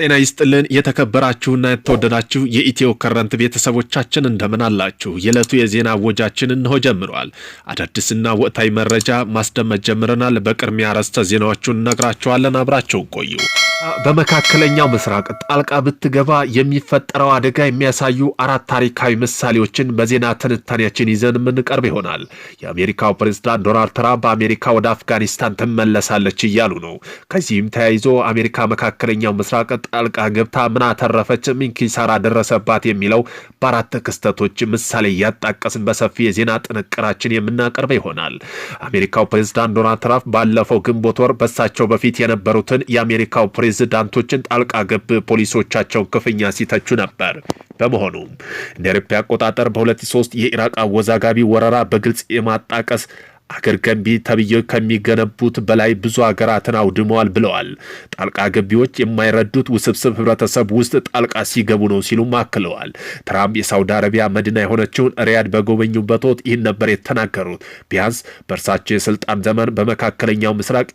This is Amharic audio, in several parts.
ጤና ይስጥልን የተከበራችሁና የተወደዳችሁ የኢትዮ ከረንት ቤተሰቦቻችን እንደምን አላችሁ? የዕለቱ የዜና ወጃችን እንሆ ጀምረዋል። አዳዲስና ወቅታዊ መረጃ ማስደመጥ ጀምረናል። በቅድሚያ አርዕስተ ዜናዎቹን እነግራችኋለን። አብራችሁን ቆዩ። በመካከለኛው ምስራቅ ጣልቃ ብትገባ የሚፈጠረው አደጋ የሚያሳዩ አራት ታሪካዊ ምሳሌዎችን በዜና ትንታኔያችን ይዘን የምንቀርብ ይሆናል። የአሜሪካው ፕሬዝዳንት ዶናልድ ትራምፕ በአሜሪካ ወደ አፍጋኒስታን ትመለሳለች እያሉ ነው። ከዚህም ተያይዞ አሜሪካ መካከለኛው ምስራቅ ጣልቃ ገብታ ምን አተረፈች፣ ምን ኪሳራ ደረሰባት የሚለው በአራት ክስተቶች ምሳሌ እያጣቀስን በሰፊ የዜና ጥንቅራችን የምናቀርብ ይሆናል። አሜሪካው ፕሬዝዳንት ዶናልድ ትራምፕ ባለፈው ግንቦት ወር በሳቸው በፊት የነበሩትን የአሜሪካው ፕሬ ፕሬዝዳንቶችን ጣልቃ ገብ ፖሊሶቻቸውን ክፉኛ ሲተቹ ነበር። በመሆኑ እንደ አውሮፓ አቆጣጠር በ2003 የኢራቅ አወዛጋቢ ወረራ በግልጽ የማጣቀስ አገር ገንቢ ተብዬ ከሚገነቡት በላይ ብዙ ሀገራትን አውድመዋል ብለዋል። ጣልቃ ገቢዎች የማይረዱት ውስብስብ ህብረተሰብ ውስጥ ጣልቃ ሲገቡ ነው ሲሉም አክለዋል። ትራምፕ የሳውዲ አረቢያ መዲና የሆነችውን ሪያድ በጎበኙበት ወቅት ይህን ነበር የተናገሩት። ቢያንስ በእርሳቸው የስልጣን ዘመን በመካከለኛው ምስራቅ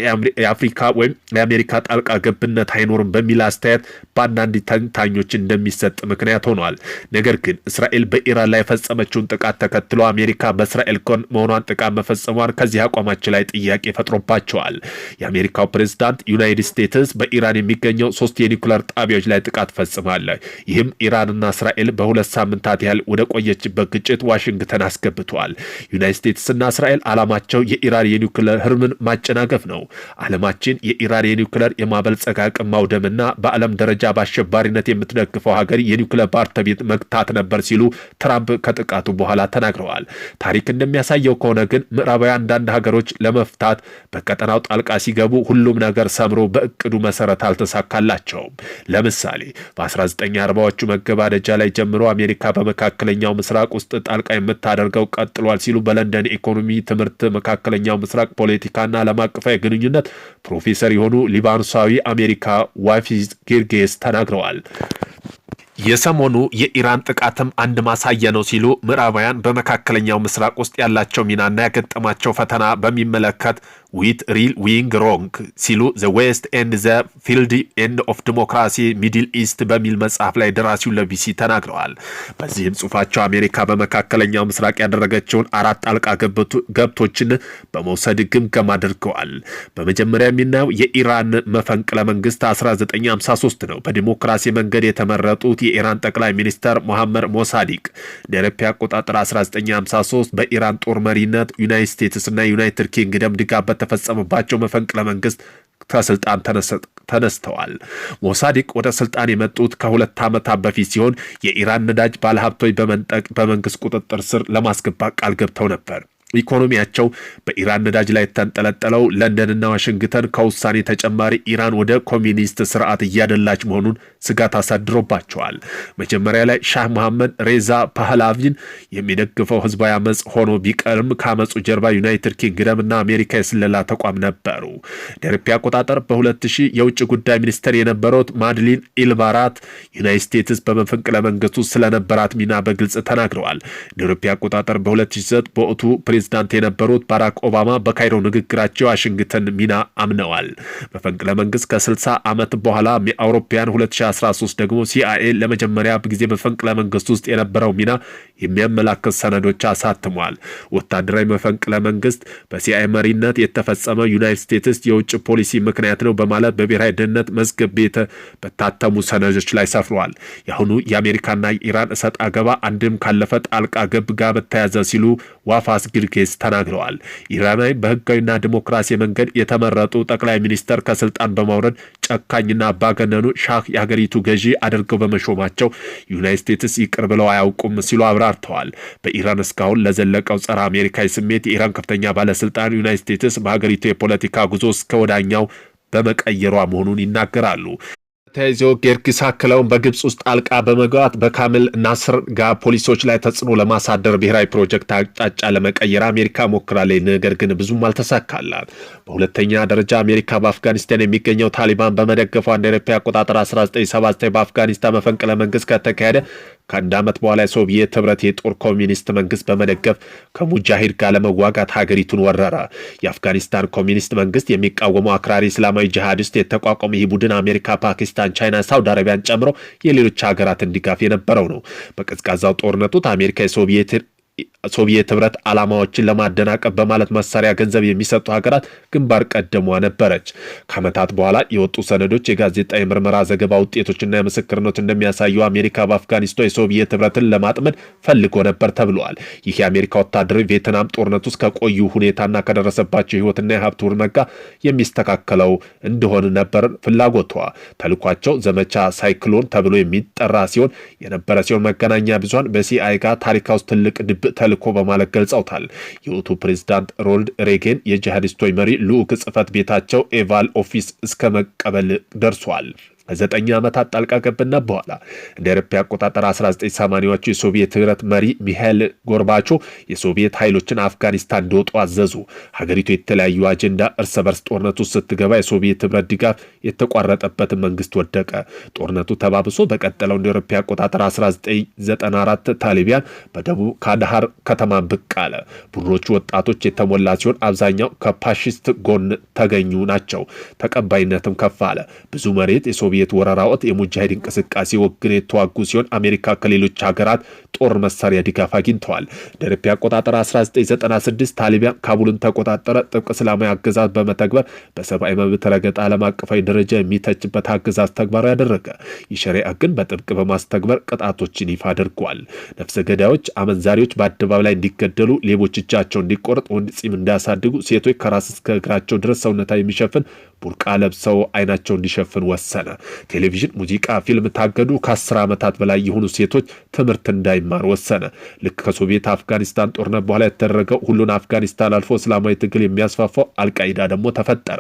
የአፍሪካ ወይም የአሜሪካ ጣልቃ ገብነት አይኖርም በሚል አስተያየት በአንዳንድ ተንታኞች እንደሚሰጥ ምክንያት ሆኗል። ነገር ግን እስራኤል በኢራን ላይ የፈጸመችውን ጥቃት ተከትሎ አሜሪካ በእስራኤል ኮን መሆኗን ጥቃት መፈጸሙ አንዋር ከዚህ አቋማችን ላይ ጥያቄ ፈጥሮባቸዋል። የአሜሪካው ፕሬዝዳንት ዩናይትድ ስቴትስ በኢራን የሚገኘው ሶስት የኒኩለር ጣቢያዎች ላይ ጥቃት ፈጽማለ። ይህም ኢራንና እስራኤል በሁለት ሳምንታት ያህል ወደ ቆየችበት ግጭት ዋሽንግተን አስገብተዋል። ዩናይትድ ስቴትስና እስራኤል ዓላማቸው የኢራን የኒኩለር ህርምን ማጨናገፍ ነው። ዓለማችን የኢራን የኒኩለር የማበልጸግ አቅም ማውደምና በዓለም ደረጃ በአሸባሪነት የምትደግፈው ሀገር የኒኩለር ባለቤት መግታት ነበር ሲሉ ትራምፕ ከጥቃቱ በኋላ ተናግረዋል። ታሪክ እንደሚያሳየው ከሆነ ግን ምዕራባዊ አንዳንድ ሀገሮች ለመፍታት በቀጠናው ጣልቃ ሲገቡ ሁሉም ነገር ሰምሮ በእቅዱ መሰረት አልተሳካላቸውም። ለምሳሌ በ1940ዎቹ መገባደጃ ላይ ጀምሮ አሜሪካ በመካከለኛው ምስራቅ ውስጥ ጣልቃ የምታደርገው ቀጥሏል ሲሉ በለንደን ኢኮኖሚ፣ ትምህርት፣ መካከለኛው ምስራቅ ፖለቲካና ዓለም አቀፋዊ ግንኙነት ፕሮፌሰር የሆኑ ሊባኖሳዊ አሜሪካ ዋፊዝ ጌርጌስ ተናግረዋል። የሰሞኑ የኢራን ጥቃትም አንድ ማሳያ ነው ሲሉ ምዕራባውያን በመካከለኛው ምስራቅ ውስጥ ያላቸው ሚናና ያገጠማቸው ፈተና በሚመለከት ዊት ሪል ዊንግ ሮንግ ሲሉ ዘ ዌስት ኤንድ ዘ ፊልድ ኤንድ ኦፍ ዲሞክራሲ ሚድል ኢስት በሚል መጽሐፍ ላይ ደራሲው ለቢሲ ተናግረዋል። በዚህም ጽሁፋቸው አሜሪካ በመካከለኛው ምስራቅ ያደረገችውን አራት ጣልቃ ገብቶችን በመውሰድ ግምገማ አድርገዋል። በመጀመሪያ የሚናየው የኢራን መፈንቅለ መንግስት 1953 ነው። በዲሞክራሲ መንገድ የተመረጡት የኢራን ጠቅላይ ሚኒስተር ሞሐመድ ሞሳዲቅ ደረፒ አቆጣጠር 1953 በኢራን ጦር መሪነት ዩናይት ስቴትስ እና ዩናይትድ ኪንግደም ድጋበት በተፈጸመባቸው መፈንቅለ መንግስት ከስልጣን ተነስተዋል። ሞሳዲቅ ወደ ስልጣን የመጡት ከሁለት ዓመታት በፊት ሲሆን የኢራን ነዳጅ ባለሀብቶች በመንጠቅ በመንግስት ቁጥጥር ስር ለማስገባት ቃል ገብተው ነበር። ኢኮኖሚያቸው በኢራን ነዳጅ ላይ የተንጠለጠለው ለንደንና ዋሽንግተን ከውሳኔ ተጨማሪ ኢራን ወደ ኮሚኒስት ስርዓት እያደላች መሆኑን ስጋት አሳድሮባቸዋል። መጀመሪያ ላይ ሻህ መሐመድ ሬዛ ፓህላቪን የሚደግፈው ህዝባዊ አመፅ ሆኖ ቢቀርም ከአመፁ ጀርባ ዩናይትድ ኪንግደም እና አሜሪካ የስለላ ተቋም ነበሩ። ደርፒ አቆጣጠር በ2000 የውጭ ጉዳይ ሚኒስትር የነበሩት ማድሊን ኢልባራት ዩናይት ስቴትስ በመፈንቅለ መንግስቱ ስለነበራት ሚና በግልጽ ተናግረዋል። ደርፒ አቆጣጠር በ2009 በወቱ ፕሬዝዳንት የነበሩት ባራክ ኦባማ በካይሮ ንግግራቸው ዋሽንግተን ሚና አምነዋል። በፈንቅለ መንግስት ከ60 ዓመት በኋላ አውሮፓውያን 2013 ደግሞ ሲአይኤ ለመጀመሪያ ጊዜ በፈንቅለ መንግስት ውስጥ የነበረው ሚና የሚያመላክት ሰነዶች አሳትሟል። ወታደራዊ መፈንቅለ መንግስት በሲአይኤ መሪነት የተፈጸመ ዩናይትድ ስቴትስ የውጭ ፖሊሲ ምክንያት ነው በማለት በብሔራዊ ደህንነት መዝገብ ቤተ በታተሙ ሰነዶች ላይ ሰፍሯል። የአሁኑ የአሜሪካና ኢራን እሰጥ አገባ አንድም ካለፈ ጣልቃ ገብ ጋር በተያዘ ሲሉ ዋፋስ አስጊድ ዱኬስ ተናግረዋል። ኢራናዊ በህጋዊና ዲሞክራሲ መንገድ የተመረጡ ጠቅላይ ሚኒስተር ከስልጣን በማውረድ ጨካኝና አምባገነኑ ሻህ የሀገሪቱ ገዢ አድርገው በመሾማቸው ዩናይት ስቴትስ ይቅር ብለው አያውቁም ሲሉ አብራርተዋል። በኢራን እስካሁን ለዘለቀው ጸረ አሜሪካዊ ስሜት የኢራን ከፍተኛ ባለስልጣን ዩናይት ስቴትስ በሀገሪቱ የፖለቲካ ጉዞ እስከ ወዳኛው በመቀየሯ መሆኑን ይናገራሉ። ተይዞ ጌርጊስ አክለውን በግብፅ ውስጥ ጣልቃ በመግባት በካምል ናስር ጋር ፖሊሶች ላይ ተጽዕኖ ለማሳደር ብሔራዊ ፕሮጀክት አቅጣጫ ለመቀየር አሜሪካ ሞክራለች። ነገር ግን ብዙም አልተሳካላት። በሁለተኛ ደረጃ አሜሪካ በአፍጋኒስታን የሚገኘው ታሊባን በመደገፏ እንደ አውሮፓውያን አቆጣጠር 1979 በአፍጋኒስታን መፈንቅለ መንግስት ከተካሄደ ከአንድ ዓመት በኋላ የሶቪየት ህብረት የጦር ኮሚኒስት መንግስት በመደገፍ ከሙጃሂድ ጋር ለመዋጋት ሀገሪቱን ወረረ። የአፍጋኒስታን ኮሚኒስት መንግስት የሚቃወመው አክራሪ እስላማዊ ጂሃዲስት የተቋቋመ ይህ ቡድን አሜሪካ፣ ፓኪስታን፣ ቻይና፣ ሳውዲ አረቢያን ጨምሮ የሌሎች ሀገራትን ድጋፍ የነበረው ነው። በቀዝቃዛው ጦርነቱ አሜሪካ የሶቪየት ሶቪየት ህብረት ዓላማዎችን ለማደናቀፍ በማለት መሳሪያ ገንዘብ የሚሰጡ ሀገራት ግንባር ቀደሟ ነበረች። ከዓመታት በኋላ የወጡ ሰነዶች፣ የጋዜጣ የምርመራ ዘገባ ውጤቶችና የምስክርነት እንደሚያሳዩ አሜሪካ በአፍጋኒስቶ የሶቪየት ህብረትን ለማጥመድ ፈልጎ ነበር ተብለዋል። ይህ የአሜሪካ ወታደር ቬትናም ጦርነት ውስጥ ከቆዩ ሁኔታና ከደረሰባቸው ህይወትና የሀብት ውድመት ጋር የሚስተካከለው እንደሆነ ነበር ፍላጎቷ። ተልኳቸው ዘመቻ ሳይክሎን ተብሎ የሚጠራ ሲሆን የነበረ ሲሆን መገናኛ ብዙሀን በሲአይ ጋር ታሪካ ውስጥ ትልቅ ድብ ተልዕኮ በማለት ገልጸውታል። የውቱ ፕሬዚዳንት ሮልድ ሬጌን የጂሃዲስቶች መሪ ልዑክ ጽህፈት ቤታቸው ኤቫል ኦፊስ እስከ መቀበል ደርሷል። ዘጠኝ ዓመታት ጣልቃ ገብና በኋላ እንደ ኤሮፓ አቆጣጠር 1980ዎቹ የሶቪየት ህብረት መሪ ሚሃይል ጎርባቾ የሶቪየት ኃይሎችን አፍጋኒስታን እንዲወጡ አዘዙ። ሀገሪቱ የተለያዩ አጀንዳ እርስ በርስ ጦርነቱ ስትገባ የሶቪየት ህብረት ድጋፍ የተቋረጠበት መንግስት ወደቀ። ጦርነቱ ተባብሶ በቀጠለው እንደ ኤሮፓ አቆጣጠር 1994 ታሊቢያን በደቡብ ካዳሃር ከተማ ብቅ አለ። ቡድኖቹ ወጣቶች የተሞላ ሲሆን አብዛኛው ከፋሺስት ጎን ተገኙ ናቸው። ተቀባይነትም ከፍ አለ። ብዙ መሬት የሶቪየት የሶቪየት ወረራ ወቅት የሙጃሂድ እንቅስቃሴ ወግን የተዋጉ ሲሆን አሜሪካ ከሌሎች ሀገራት ጦር መሳሪያ ድጋፍ አግኝተዋል። እንደ አቆጣጠር 1996 ታሊባን ካቡልን ተቆጣጠረ። ጥብቅ እስላማዊ አገዛዝ በመተግበር በሰብአዊ መብት ረገጣ ዓለም አቀፋዊ ደረጃ የሚተችበት አገዛዝ ተግባራዊ ያደረገ። የሸሪያ ግን በጥብቅ በማስተግበር ቅጣቶችን ይፋ አድርጓል። ነፍሰ ገዳዮች፣ አመንዛሪዎች በአደባባይ ላይ እንዲገደሉ፣ ሌቦች እጃቸው እንዲቆረጥ፣ ወንድ ጺም እንዲያሳድጉ፣ ሴቶች ከራስ እስከ እግራቸው ድረስ ሰውነታ የሚሸፍን ቡርቃ ለብሰው አይናቸው እንዲሸፍን ወሰነ። ቴሌቪዥን፣ ሙዚቃ፣ ፊልም ታገዱ። ከአስር ዓመታት በላይ የሆኑ ሴቶች ትምህርት እንዳይ እንዳይማር ወሰነ። ልክ ከሶቪየት አፍጋኒስታን ጦርነት በኋላ የተደረገው ሁሉን አፍጋኒስታን አልፎ እስላማዊ ትግል የሚያስፋፋው አልቃይዳ ደግሞ ተፈጠረ።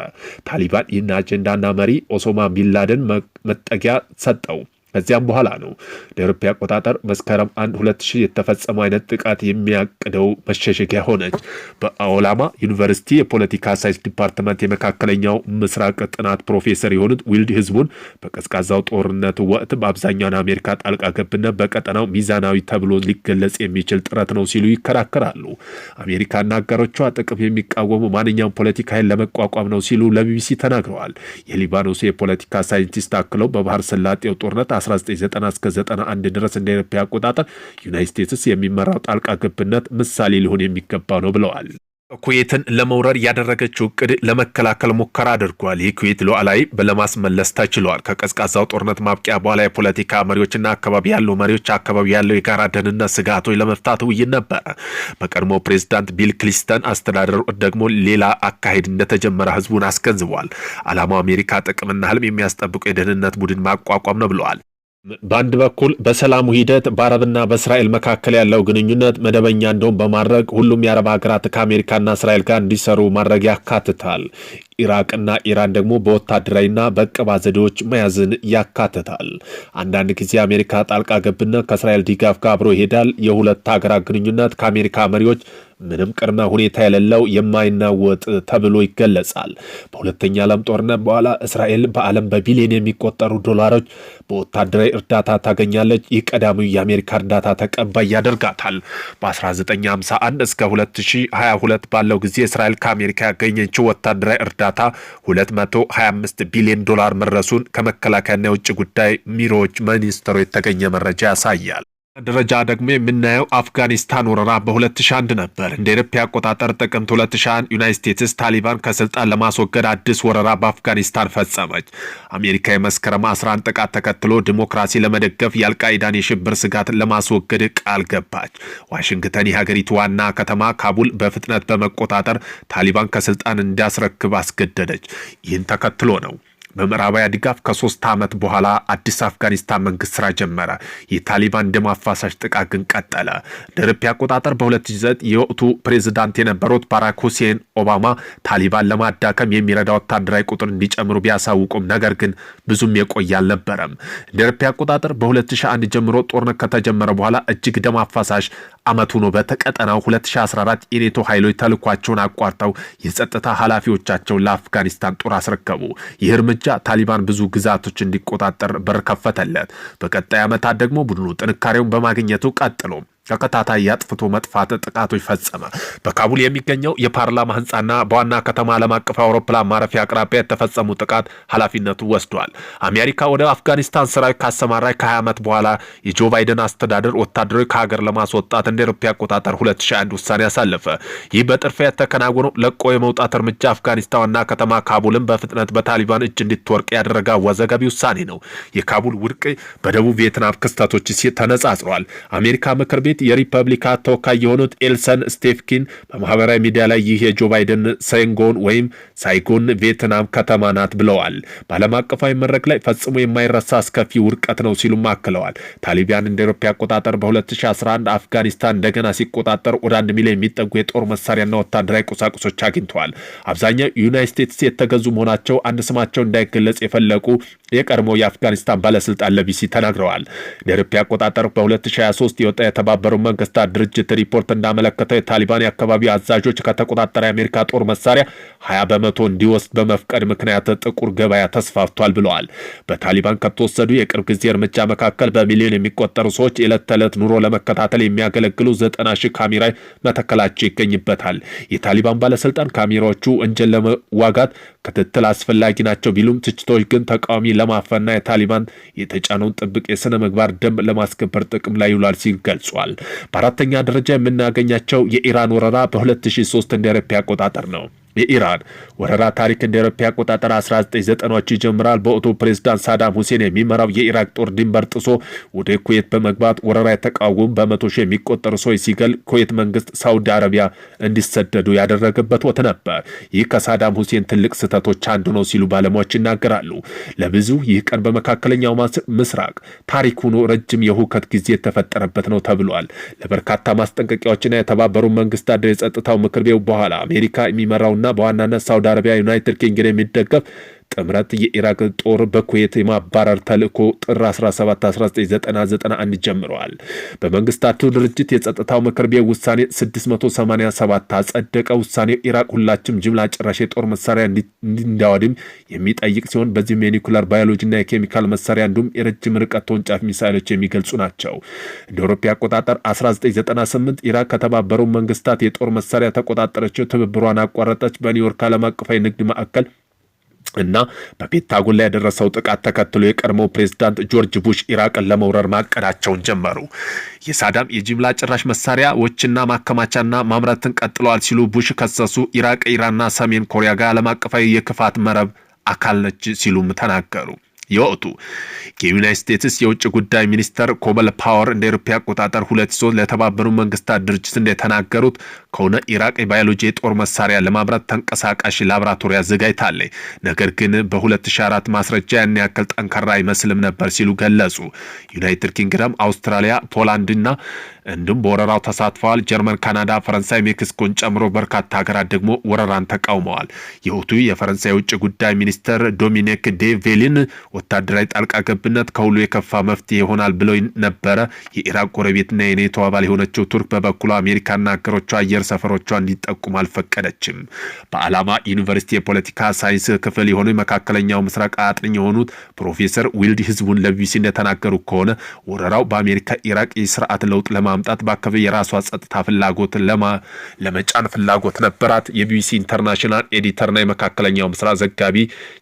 ታሊባን ይህን አጀንዳና መሪ ኦሶማ ቢንላደን መጠጊያ ሰጠው። ከዚያም በኋላ ነው ለአውሮፓ አቆጣጠር መስከረም 1 2000 የተፈጸመው አይነት ጥቃት የሚያቅደው መሸሸጊያ ሆነች። በኦላማ ዩኒቨርሲቲ የፖለቲካ ሳይንስ ዲፓርትመንት የመካከለኛው ምስራቅ ጥናት ፕሮፌሰር የሆኑት ዊልድ ህዝቡን በቀዝቃዛው ጦርነት ወቅት በአብዛኛውን አሜሪካ ጣልቃ ገብነት በቀጠናው ሚዛናዊ ተብሎ ሊገለጽ የሚችል ጥረት ነው ሲሉ ይከራከራሉ። አሜሪካና አጋሮቿ ጥቅም የሚቃወሙ ማንኛውም ፖለቲካ ኃይል ለመቋቋም ነው ሲሉ ለቢቢሲ ተናግረዋል። የሊባኖሱ የፖለቲካ ሳይንቲስት አክለው በባህር ሰላጤው ጦርነት ከ1990 እስከ 91 ድረስ እንደ አውሮፓ አቆጣጠር ዩናይት ስቴትስ የሚመራው ጣልቃ ገብነት ምሳሌ ሊሆን የሚገባ ነው ብለዋል። ኩዌትን ለመውረር ያደረገችው እቅድ ለመከላከል ሙከራ አድርጓል። የኩዌት ሉዓላዊ ለማስመለስ ተችሏል። ከቀዝቃዛው ጦርነት ማብቂያ በኋላ የፖለቲካ መሪዎችና አካባቢ ያሉ መሪዎች አካባቢ ያለው የጋራ ደህንነት ስጋቶች ለመፍታት ውይይት ነበረ። በቀድሞ ፕሬዚዳንት ቢል ክሊንተን አስተዳደር ደግሞ ሌላ አካሄድ እንደተጀመረ ህዝቡን አስገንዝቧል። ዓላማው አሜሪካ ጥቅምና ህልም የሚያስጠብቁ የደህንነት ቡድን ማቋቋም ነው ብለዋል። በአንድ በኩል በሰላሙ ሂደት በአረብና በእስራኤል መካከል ያለው ግንኙነት መደበኛ እንደውም በማድረግ ሁሉም የአረብ ሀገራት ከአሜሪካና እስራኤል ጋር እንዲሰሩ ማድረግ ያካትታል። ኢራቅና ኢራን ደግሞ በወታደራዊና በቀባ ዘዴዎች መያዝን ያካትታል። አንዳንድ ጊዜ አሜሪካ ጣልቃ ገብነት ከእስራኤል ድጋፍ ጋር አብሮ ይሄዳል። የሁለት ሀገራት ግንኙነት ከአሜሪካ መሪዎች ምንም ቅድመ ሁኔታ የሌለው የማይናወጥ ተብሎ ይገለጻል። በሁለተኛ ዓለም ጦርነት በኋላ እስራኤል በዓለም በቢሊዮን የሚቆጠሩ ዶላሮች በወታደራዊ እርዳታ ታገኛለች። ይህ ቀዳሚው የአሜሪካ እርዳታ ተቀባይ ያደርጋታል። በ1951 እስከ 2022 ባለው ጊዜ እስራኤል ከአሜሪካ ያገኘችው ወታደራዊ እርዳታ እርዳታ 225 ቢሊዮን ዶላር መድረሱን ከመከላከያና የውጭ ጉዳይ ቢሮዎች ሚኒስትሩ የተገኘ መረጃ ያሳያል። ደረጃ ደግሞ የምናየው አፍጋኒስታን ወረራ በ2001 ነበር። እንደ ኤሮፓ አቆጣጠር ጥቅምት 2001 ዩናይት ስቴትስ ታሊባን ከስልጣን ለማስወገድ አዲስ ወረራ በአፍጋኒስታን ፈጸመች። አሜሪካ የመስከረም 11 ጥቃት ተከትሎ ዲሞክራሲ ለመደገፍ የአልቃይዳን የሽብር ስጋት ለማስወገድ ቃል ገባች። ዋሽንግተን የሀገሪቱ ዋና ከተማ ካቡል በፍጥነት በመቆጣጠር ታሊባን ከስልጣን እንዲያስረክብ አስገደደች። ይህን ተከትሎ ነው በምዕራባውያን ድጋፍ ከሶስት ዓመት በኋላ አዲስ አፍጋኒስታን መንግስት ስራ ጀመረ። የታሊባን ደም አፋሳሽ ጥቃት ግን ቀጠለ። ደርፒ አቆጣጠር በ2009 የወቅቱ ፕሬዚዳንት የነበሩት ባራክ ሁሴን ኦባማ ታሊባን ለማዳከም የሚረዳ ወታደራዊ ቁጥር እንዲጨምሩ ቢያሳውቁም ነገር ግን ብዙም የቆየ አልነበረም። ደርፒ አቆጣጠር በ2001 ጀምሮ ጦርነት ከተጀመረ በኋላ እጅግ ደም አፋሳሽ አመቱ ነው። በተቀጠናው 2014 የኔቶ ኃይሎች ተልኳቸውን አቋርጠው የጸጥታ ኃላፊዎቻቸውን ለአፍጋኒስታን ጦር አስረከቡ። ይህ እርምጃ ታሊባን ብዙ ግዛቶች እንዲቆጣጠር በር ከፈተለት። በቀጣይ ዓመታት ደግሞ ቡድኑ ጥንካሬውን በማግኘቱ ቀጥሎም ተከታታይ የአጥፍቶ መጥፋት ጥቃቶች ፈጸመ። በካቡል የሚገኘው የፓርላማ ህንፃና በዋና ከተማ ዓለም አቀፍ አውሮፕላን ማረፊያ አቅራቢያ የተፈጸሙ ጥቃት ኃላፊነቱ ወስዷል። አሜሪካ ወደ አፍጋኒስታን ሰራዊት ካሰማራች ከ20 ዓመት በኋላ የጆ ባይደን አስተዳደር ወታደሮች ከሀገር ለማስወጣት እንደ ኤሮፓ አቆጣጠር 2001 ውሳኔ አሳለፈ። ይህ በጥርፍ የተከናወነው ለቆ የመውጣት እርምጃ አፍጋኒስታን ዋና ከተማ ካቡልን በፍጥነት በታሊባን እጅ እንድትወርቅ ያደረገ አወዛጋቢ ውሳኔ ነው። የካቡል ውድቅ በደቡብ ቪየትናም ክስተቶች ተነጻጽሯል። አሜሪካ ምክር ቤት በፊት የሪፐብሊካን ተወካይ የሆኑት ኤልሰን ስቴፍኪን በማህበራዊ ሚዲያ ላይ ይህ የጆ ባይደን ሳይንጎን ወይም ሳይጎን ቪየትናም ከተማ ናት ብለዋል። በዓለም አቀፋዊ መድረክ ላይ ፈጽሞ የማይረሳ አስከፊ ውድቀት ነው ሲሉም አክለዋል። ታሊባን እንደ አውሮፓ አቆጣጠር በ2011 አፍጋኒስታን እንደገና ሲቆጣጠር ወደ አንድ ሚሊዮን የሚጠጉ የጦር መሳሪያና ወታደራዊ ቁሳቁሶች አግኝተዋል። አብዛኛው ዩናይት ስቴትስ የተገዙ መሆናቸው አንድ ስማቸው እንዳይገለጽ የፈለቁ የቀድሞ የአፍጋኒስታን ባለስልጣን ለቢሲ ተናግረዋል። ለኢትዮጵያ አቆጣጠር በ2023 የወጣ የተባበሩት መንግስታት ድርጅት ሪፖርት እንዳመለከተው የታሊባን የአካባቢ አዛዦች ከተቆጣጠረ የአሜሪካ ጦር መሳሪያ 20 በመቶ እንዲወስድ በመፍቀድ ምክንያት ጥቁር ገበያ ተስፋፍቷል ብለዋል። በታሊባን ከተወሰዱ የቅርብ ጊዜ እርምጃ መካከል በሚሊዮን የሚቆጠሩ ሰዎች የዕለት ተዕለት ኑሮ ለመከታተል የሚያገለግሉ 90 ሺህ ካሜራ መተከላቸው ይገኝበታል። የታሊባን ባለስልጣን ካሜራዎቹ ወንጀል ለመዋጋት ክትትል አስፈላጊ ናቸው ቢሉም ትችቶች ግን ተቃዋሚ ለማፈንና የታሊባን የተጫነውን ጥብቅ የሥነ ምግባር ደንብ ለማስከበር ጥቅም ላይ ይውላል ሲል ገልጿል። በአራተኛ ደረጃ የምናገኛቸው የኢራን ወረራ በ2003 እንደ አውሮፓ አቆጣጠር ነው። የኢራን ወረራ ታሪክ እንደ አውሮፓ አቆጣጠር 1990ዎቹ ይጀምራል። በወቅቱ ፕሬዝዳንት ሳዳም ሁሴን የሚመራው የኢራቅ ጦር ድንበር ጥሶ ወደ ኩዌት በመግባት ወረራ የተቃወሙ በመቶ ሺህ የሚቆጠሩ ሰዎች ሲገል ኩዌት መንግስት ሳውዲ አረቢያ እንዲሰደዱ ያደረገበት ወቅት ነበር። ይህ ከሳዳም ሁሴን ትልቅ ስህተቶች አንዱ ነው ሲሉ ባለሙያዎች ይናገራሉ። ለብዙ ይህ ቀን በመካከለኛው ምስራቅ ታሪክ ሆኖ ረጅም የሁከት ጊዜ የተፈጠረበት ነው ተብሏል። ለበርካታ ማስጠንቀቂያዎችና የተባበሩ መንግስታት የጸጥታው ምክር ቤት በኋላ አሜሪካ የሚመራውና በዋናነት ሳውዲ አረቢያ ዩናይትድ ኪንግን የሚደገፍ ጥምረት የኢራቅ ጦር በኩዌት የማባረር ተልእኮ ጥር 17 1991 ጀምረዋል። በመንግስታቱ ድርጅት የጸጥታው ምክር ቤት ውሳኔ 687 አጸደቀ። ውሳኔው ኢራቅ ሁላችም ጅምላ ጨራሽ የጦር መሳሪያ እንዲያወድም የሚጠይቅ ሲሆን በዚህም የኒኩለር ባዮሎጂና የኬሚካል መሳሪያ እንዲሁም የረጅም ርቀት ተወንጫፍ ሚሳይሎች የሚገልጹ ናቸው። እንደ አውሮፓ አቆጣጠር 1998 ኢራቅ ከተባበሩ መንግስታት የጦር መሳሪያ ተቆጣጠረችው፣ ትብብሯን አቋረጠች። በኒውዮርክ ዓለም አቀፋዊ ንግድ ማዕከል እና በፔንታጎን ላይ ያደረሰው ጥቃት ተከትሎ የቀድሞው ፕሬዝዳንት ጆርጅ ቡሽ ኢራቅን ለመውረር ማቀዳቸውን ጀመሩ። የሳዳም የጅምላ ጭራሽ መሳሪያዎችና ማከማቻና ማምረትን ቀጥለዋል ሲሉ ቡሽ ከሰሱ። ኢራቅ ኢራንና ሰሜን ኮሪያ ጋር ዓለም አቀፋዊ የክፋት መረብ አካል ነች ሲሉም ተናገሩ። የወቅቱ የዩናይት ስቴትስ የውጭ ጉዳይ ሚኒስተር ኮበል ፓወር እንደ ኤሮፓ አቆጣጠር ሁለት ሶስት ለተባበሩ መንግስታት ድርጅት እንደተናገሩት ከሆነ ኢራቅ የባዮሎጂ የጦር መሳሪያ ለማምራት ተንቀሳቃሽ ላብራቶሪ አዘጋጅታለች። ነገር ግን በ2004 ማስረጃ ያን ያክል ጠንካራ አይመስልም ነበር ሲሉ ገለጹ። ዩናይትድ ኪንግደም፣ አውስትራሊያ፣ ፖላንድና እንዲሁም በወረራው ተሳትፈዋል። ጀርመን፣ ካናዳ፣ ፈረንሳይ፣ ሜክሲኮን ጨምሮ በርካታ ሀገራት ደግሞ ወረራን ተቃውመዋል። የሁቱ የፈረንሳይ የውጭ ጉዳይ ሚኒስተር ዶሚኒክ ዴቬሊን ወታደራዊ ጣልቃ ገብነት ከሁሉ የከፋ መፍትሄ ይሆናል ብለው ነበረ። የኢራቅ ጎረቤትና የኔቶ አባል የሆነችው ቱርክ በበኩሏ አሜሪካና አገሮቿ አየር ሰፈሮቿ እንዲጠቁም አልፈቀደችም። በአላማ ዩኒቨርሲቲ የፖለቲካ ሳይንስ ክፍል የሆኑ መካከለኛው ምስራቅ አጥኝ የሆኑት ፕሮፌሰር ዊልድ ህዝቡን ለቢቢሲ እንደተናገሩ ከሆነ ወረራው በአሜሪካ ኢራቅ የስርዓት ለውጥ ለማምጣት በአካባቢ የራሷ ጸጥታ ፍላጎት ለመጫን ፍላጎት ነበራት። የቢቢሲ ኢንተርናሽናል ኤዲተርና የመካከለኛው ምስራቅ ዘጋቢ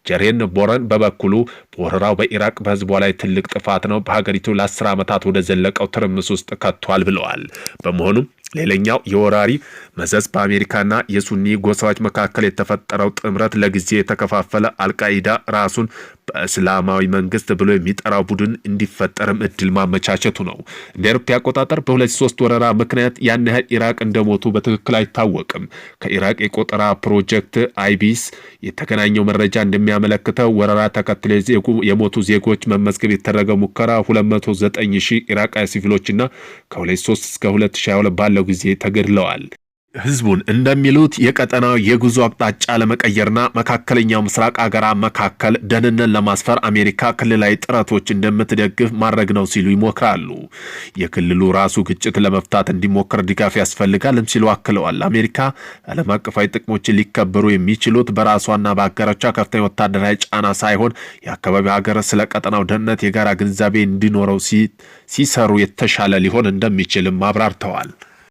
ጀሬን ቦረን በበኩሉ ወረራው በኢራቅ በህዝቧ ላይ ትልቅ ጥፋት ነው፣ በሀገሪቱ ለአስር ዓመታት ወደ ዘለቀው ትርምስ ውስጥ ከቷል ብለዋል። በመሆኑም ሌላኛው የወራሪ መዘዝ በአሜሪካና የሱኒ ጎሳዎች መካከል የተፈጠረው ጥምረት ለጊዜ የተከፋፈለ አልቃይዳ ራሱን በእስላማዊ መንግስት ብሎ የሚጠራው ቡድን እንዲፈጠርም እድል ማመቻቸቱ ነው። እንደ አውሮፓ አቆጣጠር በ2003 ወረራ ምክንያት ያን ያህል ኢራቅ እንደሞቱ በትክክል አይታወቅም። ከኢራቅ የቆጠራ ፕሮጀክት አይቢስ የተገናኘው መረጃ እንደሚያመለክተው ወረራ ተከትሎ የሞቱ ዜጎች መመዝገብ የተደረገ ሙከራ 209 ሺህ ኢራቃዊ ሲቪሎችና ከ2003 እስከ 2022 ባለ ባለው ጊዜ ተገድለዋል። ህዝቡን እንደሚሉት የቀጠናው የጉዞ አቅጣጫ ለመቀየርና መካከለኛው ምስራቅ አገራ መካከል ደህንነት ለማስፈር አሜሪካ ክልላዊ ጥረቶች እንደምትደግፍ ማድረግ ነው ሲሉ ይሞክራሉ። የክልሉ ራሱ ግጭት ለመፍታት እንዲሞክር ድጋፍ ያስፈልጋልም ሲሉ አክለዋል። አሜሪካ ዓለም አቀፋዊ ጥቅሞችን ሊከበሩ የሚችሉት በራሷና በአገራቿ ከፍተኛ ወታደራዊ ጫና ሳይሆን የአካባቢው ሀገር ስለ ቀጠናው ደህንነት የጋራ ግንዛቤ እንዲኖረው ሲሰሩ የተሻለ ሊሆን እንደሚችልም አብራርተዋል።